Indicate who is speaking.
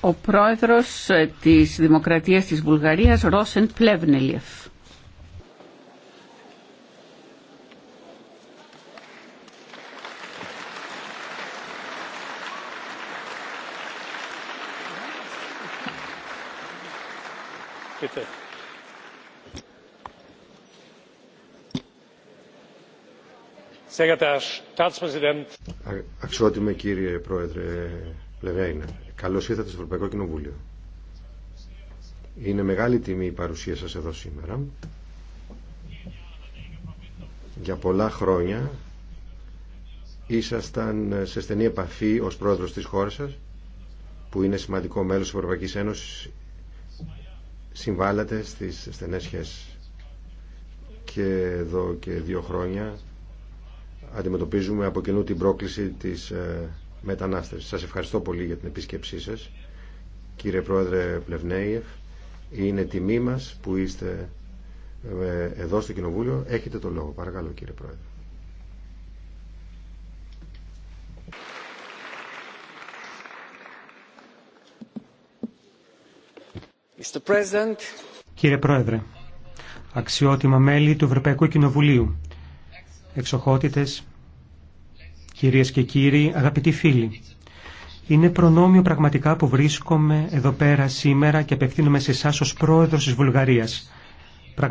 Speaker 1: Ο πρόεδρος ε, της Δημοκρατίας της Βουλγαρίας, Ρόσεν Πλεύνελιεφ. Αξιότιμε κύριε Πρόεδρε Λεβέινα, καλώς ήρθατε στο Ευρωπαϊκό Κοινοβούλιο. Είναι μεγάλη τιμή η παρουσία σας εδώ σήμερα. Για πολλά χρόνια ήσασταν σε στενή επαφή ως πρόεδρος της χώρας σας, που είναι σημαντικό μέλος της Ευρωπαϊκής Ένωσης, συμβάλλατε στις στενές σχέσεις. Και εδώ και δύο χρόνια αντιμετωπίζουμε από κοινού την πρόκληση της ε, μετανάστευσης. Σας ευχαριστώ πολύ για την επίσκεψή σας. Κύριε Πρόεδρε Πλευνέιεφ, είναι τιμή μας που είστε ε, εδώ στο Κοινοβούλιο. Έχετε το λόγο. Παρακαλώ κύριε Πρόεδρε.
Speaker 2: Κύριε Πρόεδρε, αξιότιμα μέλη του Ευρωπαϊκού Κοινοβουλίου, εξοχότητες, κυρίες και κύριοι, αγαπητοί φίλοι. Είναι προνόμιο πραγματικά που βρίσκομαι εδώ πέρα σήμερα και απευθύνομαι σε εσά ως πρόεδρος της Βουλγαρίας.